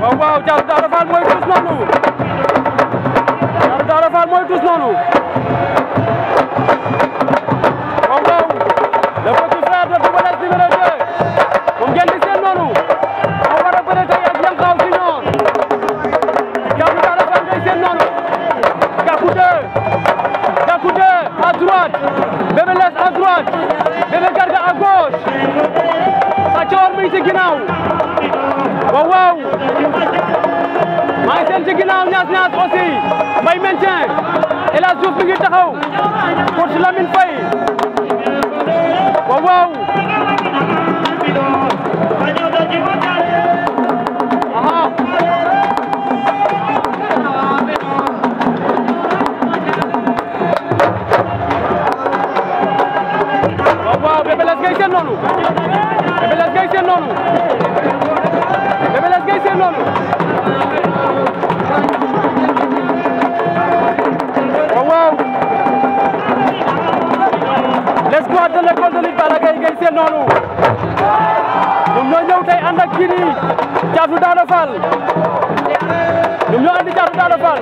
waaw waaw Thiatou Daouda Fall mooy tus noonu Thiatou Daouda Fall mooy tus noonu waaw waaw le petit frère de Double Less numéro 2 moom ngeen di seen noonu moo war a bëre tey ak Yankaw Junior Thiatou Daouda Fall ngay seen noonu Gakou 2 Gakou 2 à droite Bébé Less à droite Bébé Garga à gauche Sa Thior mi ci ginnaaw waaw waaw maa ngi seen ci ginnaaw ñaas ñaas aussi Mbaye Maintien El Hadj Diouf mi ngi taxaw coach Lamine Faye waaw waaw waaw waaw Bébé Less ngay seen noonu noonu ñoom ñoo ñëw tey ànd ak kii nii Thiatou Daouda ñoo andi Thiatou Daouda Fall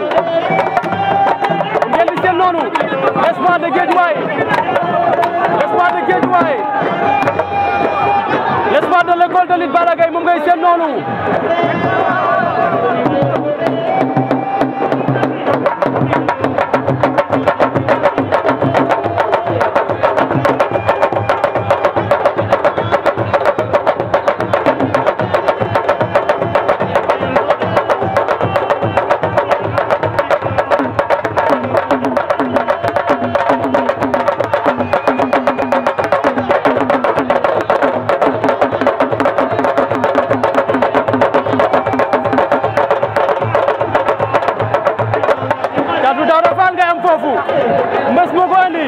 ngeen di seen noonu l'espoir de Guédiawaye l'espoir de Guédiawaye l'espoir de l'école de lutte Balla Gaye moom mbës moo ko andi